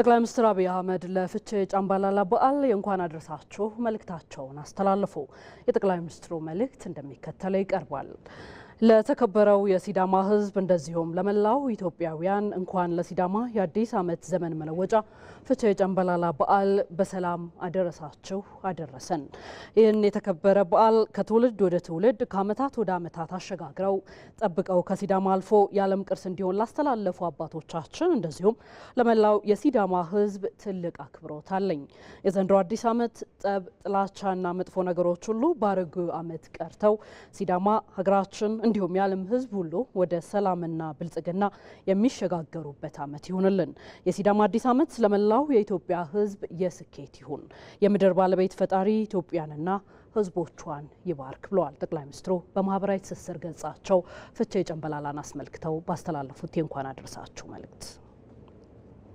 ጠቅላይ ሚኒስትር አብይ አህመድ ለፍቼ ጫምባላላ በዓል የእንኳን አድረሳችሁ መልእክታቸውን አስተላለፉ። የጠቅላይ ሚኒስትሩ መልእክት እንደሚከተለው ይቀርባል። ለተከበረው የሲዳማ ሕዝብ እንደዚሁም ለመላው ኢትዮጵያውያን እንኳን ለሲዳማ የአዲስ ዓመት ዘመን መለወጫ ፍቼ ጨምበላላ በዓል በሰላም አደረሳችሁ አደረሰን። ይህን የተከበረ በዓል ከትውልድ ወደ ትውልድ ከዓመታት ወደ ዓመታት አሸጋግረው ጠብቀው ከሲዳማ አልፎ የዓለም ቅርስ እንዲሆን ላስተላለፉ አባቶቻችን እንደዚሁም ለመላው የሲዳማ ሕዝብ ትልቅ አክብሮት አለኝ። የዘንድሮ አዲስ ዓመት ጠብ፣ ጥላቻና መጥፎ ነገሮች ሁሉ በአሮጌው ዓመት ቀርተው ሲዳማ ሀገራችን እንዲሁም የዓለም ሕዝብ ሁሉ ወደ ሰላምና ብልጽግና የሚሸጋገሩበት ዓመት ይሁንልን። የሲዳማ አዲስ ዓመት ስለመላው የኢትዮጵያ ሕዝብ የስኬት ይሁን። የምድር ባለቤት ፈጣሪ ኢትዮጵያንና ህዝቦቿን ይባርክ ብለዋል ጠቅላይ ሚኒስትሩ በማህበራዊ ትስስር ገጻቸው ፍቼ ጨንበላላን አስመልክተው ባስተላለፉት የእንኳን አደረሳችሁ መልእክት